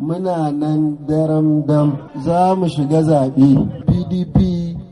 muna nan daram dam za mu shiga zaɓe pdp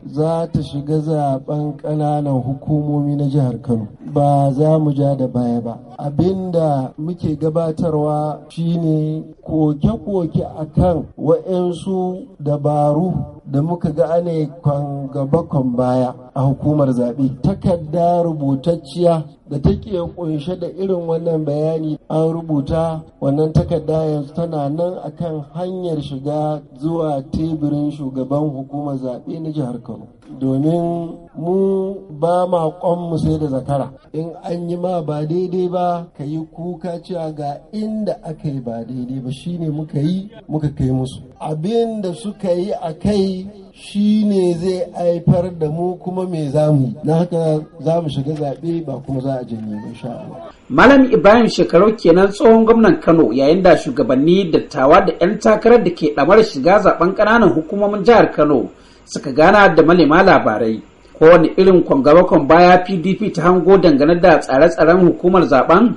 za ta shiga zaben ƙananan hukumomi na jihar kano ba za mu ja da baya ba abinda muke gabatarwa shine koke-koke a kan waɗansu dabaru da muka ga ana kwan gaba kwan baya a hukumar zaɓe takarda rubutacciya da take kunshe da irin wannan bayani an rubuta wannan takarda yanzu tana nan akan hanyar shiga zuwa teburin shugaban hukumar zaɓe na jihar kano domin mu ba ma mu sai da zakara in an yi ma ba daidai ba ka yi kuka cewa ga inda aka yi ba daidai ba shine muka yi muka kai musu abin da suka yi a kai shine zai haifar da mu kuma me za mu na haka za mu shiga zaɓe ba kuma za a janye ba insha Malam Ibrahim shekaru kenan tsohon gwamnan Kano yayin da shugabanni dattawa da 'yan takarar da ke ɗamar shiga zaben ƙananan hukumomin jihar Kano suka gana da malema labarai. Kowane irin kwangarakon baya PDP ta hango dangane da tsare-tsaren hukumar zaben?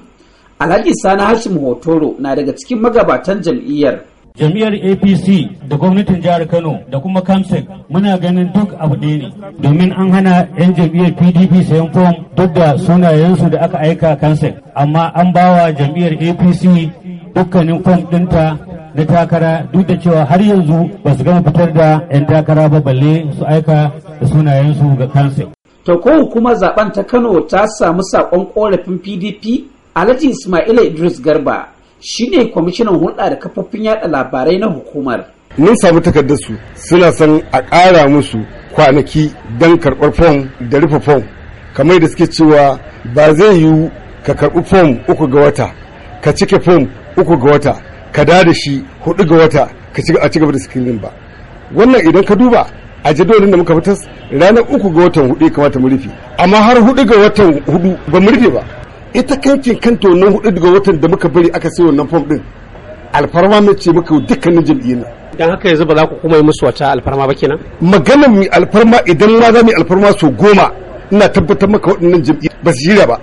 Alhaji Sani Hashim Hotoro na daga cikin magabatan jam'iyyar. jam'iyyar apc da gwamnatin jihar kano da kuma kamsek muna ganin duk abu ɗaya ne domin an hana 'yan jam'iyyar pdp sayan fom duk da sunayensu da aka aika kamsek amma an bawa jam'iyyar apc dukkanin fom ɗinta na takara duk da cewa har yanzu ba su gama fitar da 'yan takara ba balle su aika da sunayensu ga kamsek Ta ko hukumar zaben ta kano ta samu saƙon ƙorafin pdp alhaji Isma'il idris garba shine kwamishinan hulɗa da kafofin yada labarai na hukumar mun samu takardar su suna son a ƙara musu kwanaki don karɓar fom da rufe fom kamar da suke cewa ba zai yiwu ka karɓi fom uku ga wata ka cike fom uku ga wata ka da da shi hudu ga wata ka ci gaba da screening ba wannan idan ka duba a jadawalin da muka fitas ranar uku ga watan hudu kamata mu rufe amma har hudu ga watan hudu ba mu rufe ba ita kancin kanta wannan hudu daga watan da muka bari aka sai wannan fom din alfarma na ce muka dukkanin jam'iyyar dan haka yanzu ba za ku kuma yi musu wata alfarma ba kenan maganar mai alfarma idan ma za mu yi alfarma so goma ina tabbatar maka waɗannan jam'iyyar ba su shirya ba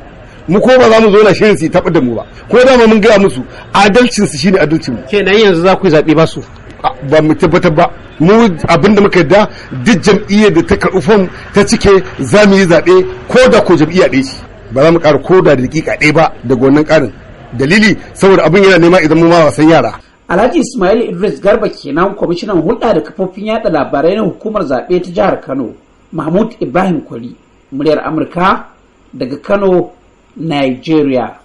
mu ko ba za mu zo na shirin su taɓa da mu ba ko dama mun gaya musu adalcin su shine adalcin mu kenan yanzu za ku yi zaɓe ba su ba mu tabbatar ba mu abin da muka yadda duk jam'iyyar da ta karɓi fom ta cike za mu yi zaɓe ko da ko jam'iyya ɗaya ce ba za mu ƙara ko da daƙiƙa ɗaya ba daga wannan ƙarin dalili saboda abin yana nema idan mu ma wasan yara Alhaji Ismail Idris Garba kenan kwamishinan hulɗa da kafofin yaɗa labarai na hukumar zaɓe ta jihar Kano Mahmud Ibrahim Kwali muryar Amurka daga Kano Nigeria